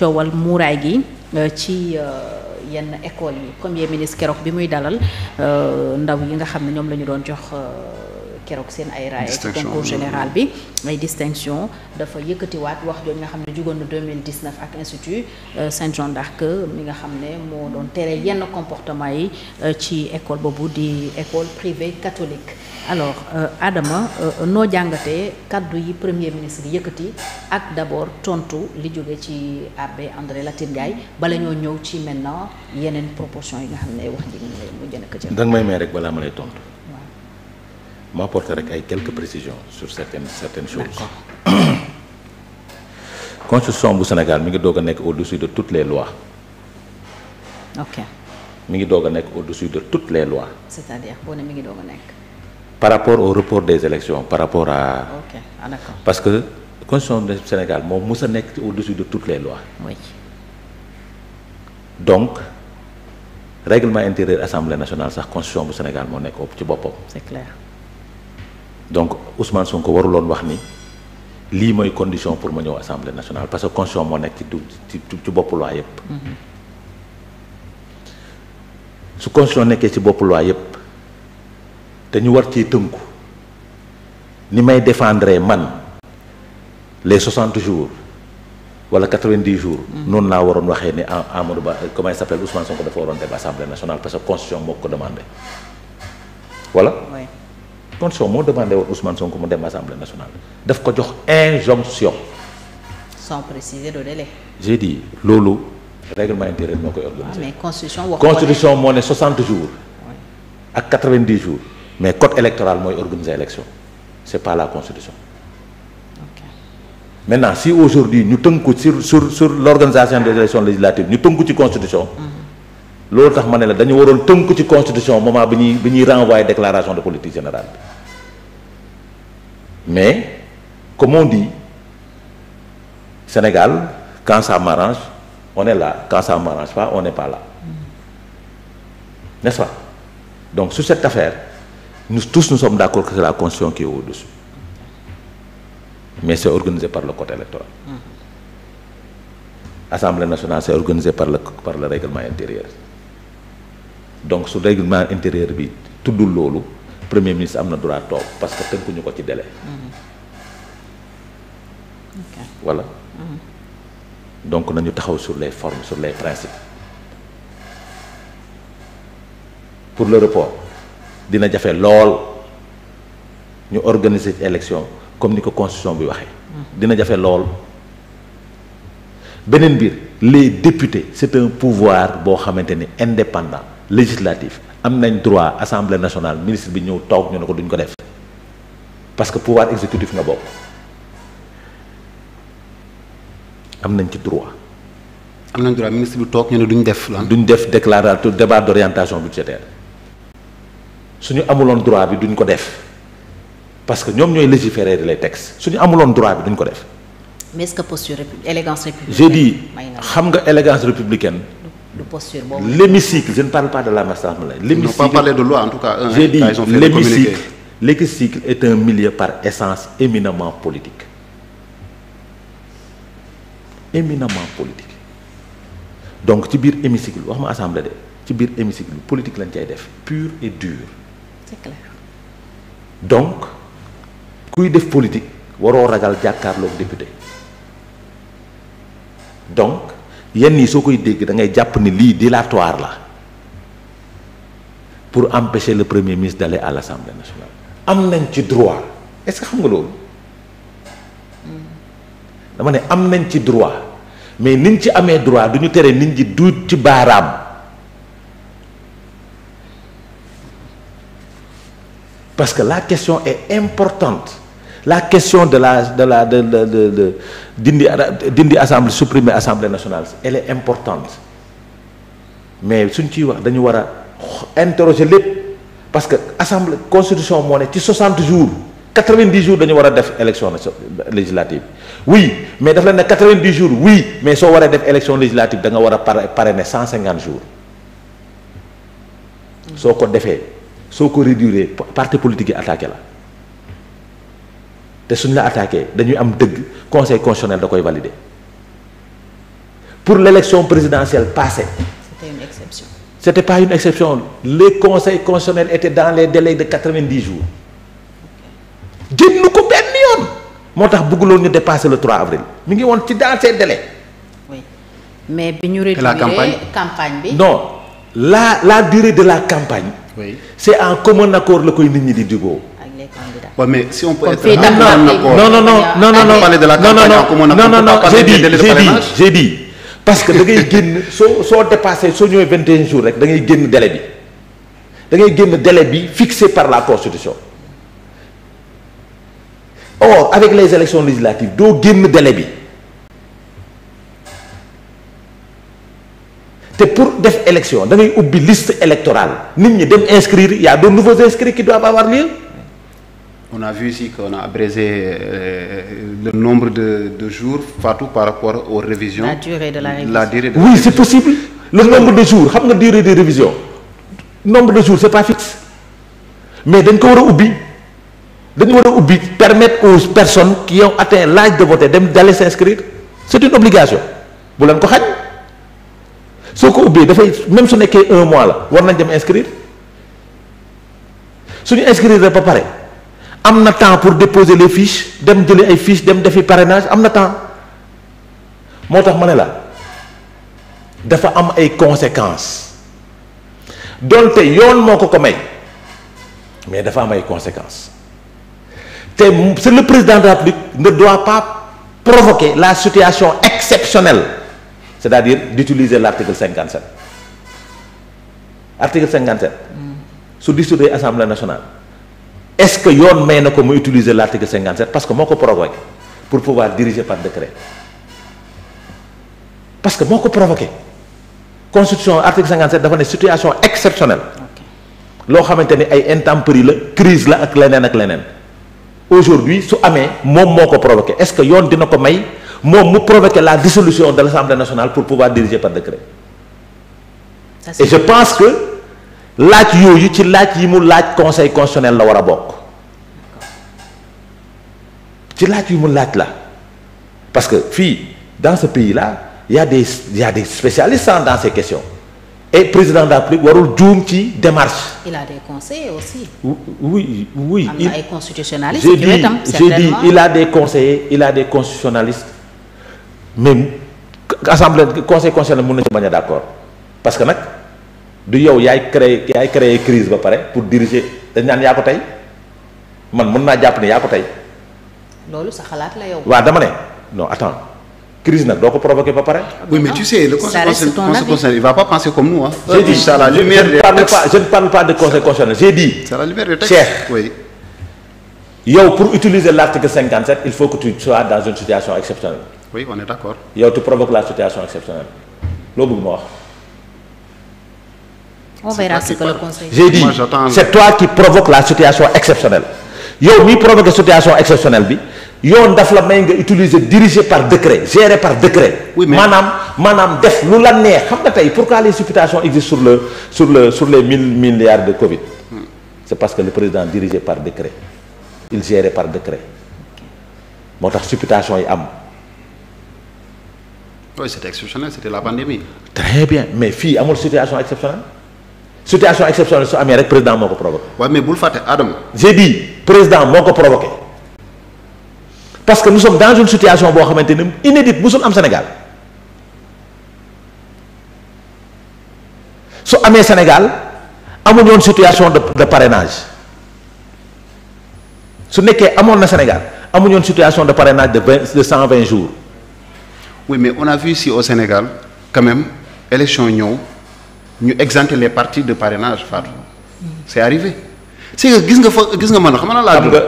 coowal muuraay gi euh, ci euh, yenn école yi premier ministre keroog bi muy dalal euh, ndaw yi nga xam ne ñoom la ñu doon jox keroog seen ay raaya ci concours général bi ay distinction dafa yëkkati waat wax jooju nga xam ne jugoon na 2019 ak institut euh, Sainte Jeanne d'Arc mi nga xam ne moo doon tere yenn comportement yi euh, ci école boobu di école privée catholique alors euh, Adama noo jàngate kaddu yi premier ministre yëkkati ak d'abord tontu li jóge ci abbé André Latine Ndiaye bala ñoo ñëw ci maintenant yeneen proportion yi nga xam ne wax ji mu jënd ko ci. danga may may rek balaa ma lay tontu. ma apporter rek ay quelques précisions sur certaines certaines choses. constitution bu Sénégal mi ngi doog a nekk au-dessus de toutes les lois. ok. ngi doog a nekk au-dessus de toutes les lois. mi ngi doog a par rapport au report des élections par rapport à. Ah, parce que constitution du Sénégal moom mu sa nekk au-dessus de toutes les lois. oui. donc règlement intérieur assemblée nationale sax constitution bu Sénégal moo nekk ci boppam. c'est clair. donc Ousmane Sonko waruloon wax ni lii mooy condition pour ma ñëw assemblée nationale parce que constitution moo nekk ci du ci ci bopp loi mm-hmm. su constitution nekkee ci bopp loi yëpp te ñu war ci tënku ni may défendre man les soixante jours wala quatre-vingt-dix jours. Mm-hmm. noonu laa waroon waxee ni Amadou Ba comment il s'appelle Ousmane Sonko dafa waroon dem assemblée nationale parce que moo ko demandé voilà. condition moo demandé woon Ousmane Sonko mu dem assemblée nationale daf ko jox injonction. sans préciser le délai. j'ai loolu règlement intérieur moo koy organisé. Ah, mais constitution wax constitution moo ne 60 jours. ak 90 jours. mais code électoral mooy organiser élection c'est pas la constitution. maintenant si aujourd'hui ñu tënku sur sur sur l'organisation des élections législatives ñu tënku ci constitution. mm loolu tax ma ne la dañu waroon tënk ci constitution moment bi ñuy bi ñuy renvoyer déclaration de politique générale bi mais comme on dit Sénégal quand ça m'arrange on est là quand ça m'arrange pas on n'est pas là n'est-ce pas donc sur cette affaire nous tous nous sommes d'accord que c'est la constitution qui est au mais c'est organisé par le code électoral mm-hmm. Assemblée nationale c'est organisé par le par le règlement intérieur donc su règlement intérieur bi tuddul loolu premier ministre am na droit toog parce que ñu ko ci délai. Mm-hmm. voilà. Mm-hmm. donc nañu taxaw sur les formes sur les principes pour le report dina jafe lool ñu organiser ci élection comme ni ko constitution bi waxee. Mm-hmm. dina jafe lool beneen mbir. les députés c'est un pouvoir boo xamante ni indépendant législatif am nañ droit assemblée nationale ministre bi ñëw toog ñu ne ko duñ ko def parce que pouvoir exécutif nga bokk am nañ ci droit. am nañ droit ministre bi toog ñu ne duñ def lan. duñ def déclaration débat d'orientation su ñu amuloon droit bi duñ ko def parce que ñoom ñooy légiférer les textes suñu amuloon droit bi duñ ko def. mais est-ce que posture élégance républicaine. xam nga élégance républicaine. du posture boobu l'hémicycle je ne parle pas de la masse assemblée. l'hémicycle ils n'ont pas parlé de loi en tout cas. un j'ai dit l'hémicycle est un milieu par essence éminemment politique éminemment politique donc ci biir hémicycle wax ma assemblée de ci biir hémicycle politique lañ cay def pur et dur. donc kuy def politique. waroo ragal jàkkaarloog député donc yenn yi soo koy dégg da ngay jàpp ni lii dilatoire la pour empêcher le premier ministre d'aller à l'Assemblée nationale am nañ ci droit est-ce que xam nga loolu dama ne am nañ ci droit mais niñ ci amee droit du ñu teree nit ñi duut ci baaraam parce que la question est importante la question de la de la de de de dindi dindi assemblée supprimer assemblée nationale elle est importante mais suñ ciy wax dañu war a interroger lépp parce que assemblée constitution moo ne ci 60 jours 90 jours dañu war a def élection législative oui mais daf la ne 90 jours oui mais soo waree def élection législative da nga war a parrainer 150 jours soo ko defee soo ko réduire parti politique yi attaqué la. te suñ la attaqué dañuy am dëgg conseil constitutionnel da koy valider pour l'élection présidentielle passée. c'était une exception. c'était pas une exception les conseils constitutionnels étaient dans les délais de quatre-vingt-dix jours génn ko benn yoon moo tax bëgguloon ñu dépasser le trois avril mi ngi woon ci dans ces délais. oui mais bi ñu réduire campagne bi. non la la durée de la campagne. oui c'est en commun accord la koy nit ñi di digoo. Ouais, mais si on peut être non non non non non non non de la non non non non non non j'ai dit j'ai dit j'ai dit parce que da ngay génn soo soo dépassé soo ñëwee 21 jours rek da ngay génn délai bi da ngay génn délai bi fixé par la constitution or avec les élections législatives doo génn délai bi te pour def élection da ngay ubbi liste électorale nit ñi dem inscrire y a de nouveaux inscrits qui doivent avoir lieu on a vu ici qu'on a abrégé euh, euh, le nombre de, de jours Fatou par rapport aux révisions. La durée de la révision. La durée de oui, c'est possible. Le nombre de jours, xam nga durée de révision. Nombre de jours, c'est pas fixe. Mais dañ ko war a ubbi. dañu war a ubbi permettre aux personnes qui ont atteint l'âge de voter dem d'aller s'inscrire c'est une obligation bu leen ko xañ soo ko ubbee dafay même su nekkee un mois la war nañ dem inscrire suñu inscrire ba pare am na temps pour déposer les fiches dem jëli ay fiches dem defi parrainage am na temps moo tax ma ne la dafa am ay conséquences donte yoon moo ko ko may mais dafa am ay conséquences te c'est le président de la République ne doit pas provoquer la situation exceptionnelle c'est-à-dire d'utiliser l'article 57 article 57 mm. su dissoudre Assemblée nationale est-ce que yoon may na ko mu utiliser l'article 57 parce que moo ko provoqué pour pouvoir diriger par décret parce que moo ko provoqué constitution article 57 dafa ne situation exceptionnelle loo xamante ni ay intempéries la crise la ak leneen ak leneen aujourd'hui su amee moom moo ko provoqué est-ce que yoon dina ko may moom mu provoqué la dissolution de l'Assemblée nationale pour pouvoir diriger par décret et je pense que laaj yooyu ci laaj yi mu laaj conseil constitutionnel la war a bokk ci laaj yi mu laaj la parce que fii dans ce pays là y a des y a des spécialistes dans ces question et président de la République warul juum ci démarche. il a des conseillers aussi. oui oui. am na il a des conseillers il des constitutionnalistes mais assemblée conseil constitutionnel na ci bañ a d'accord parce que nag. du yow yaay créé yaay créé crise ba pare pour diriger dañ naan yaa ko tey man mën naa jàpp ne yaa ko tey. loolu sa xalaat la yow. waaw dama ne non attends crise nag doo ko provoqué ba pare. oui mais tu il va pas penser comme nous ah. j'ai dit c'est à la lumière des pour utiliser l'article 57 il faut que tu sois dans une situation exceptionnelle. oui on est d'accord. yow tu provoques la situation exceptionnelle loo bëgg ma wax. on verra ce que le conseil. j'ai dit c'est toi qui provoque la situation exceptionnelle yow miy provoqué situation exceptionnelle bi yoon daf la may nga utiliser dirigé par décret géré par décret. oui maanaam maanaam def lu la neex xam nga tey pourquoi les supputations existent sur le sur le sur les mille milliards de Covid. c'est parce que le président dirigé par décret il géré par décret moo tax supputation yi am. oui c'était la pandémie. très bien mais fii amul situation exceptionnelle. situation exceptionnelle su amee rek président moo ko provoqué. waaw mais bul fàtte Adama. j'ai président moo ko provoqué parce que nous sommes dans une situation boo xamante ni inédite musul am Sénégal su amee Sénégal amuñu woon situation de de parrainage su nekkee amoon na Sénégal amuñoon situation de parrainage de vingt de cent vingt jours. oui mais on a vu ici au Sénégal quand même élection ñëw. ñu exempter les partis de parrainage Fatou c' arrivé c' gis nga fa gis nga man xam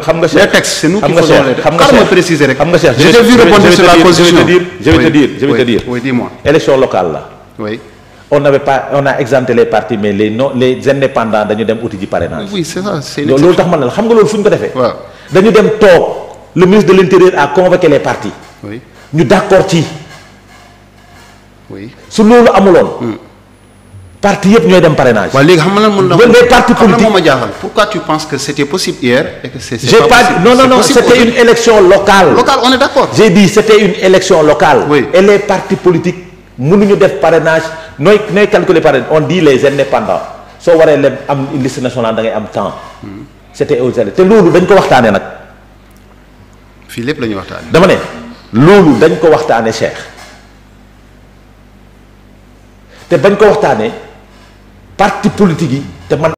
xam nga les textes xam nga Cheikh xam nga Cheikh je vais te dire je vais te dire je vais te dire. oui dis-moi élection locale la. oui. mais les non les indépendants dañu dem outil ji parrainage. oui c'est ça c'est loolu tax man la xam dem toog le de l' intérieur a convoqué les partis. ñu d' accord ci. su loolu amuloon. Hmm. parti yëpp ñooy dem parrainage. waaw léegi xam nga lan mën na ko les partis politiques ma jaaxal pourquoi tu penses que c'était possible hier et que c'est j'ai pas dit non non non c'était une élection locale. locale les partis politiques mënuñu def parrainage nooy nooy calculer parrainage on dit les indépendants soo waree leb am liste nationale da ngay am temps. Hmm. c'était aux te loolu dañ ko waxtaanee nag. fii lépp la ñuy waxtaanee. dama ne loolu dañ ko waxtaanee Cheikh te bañ ko waxtaanee. parti politique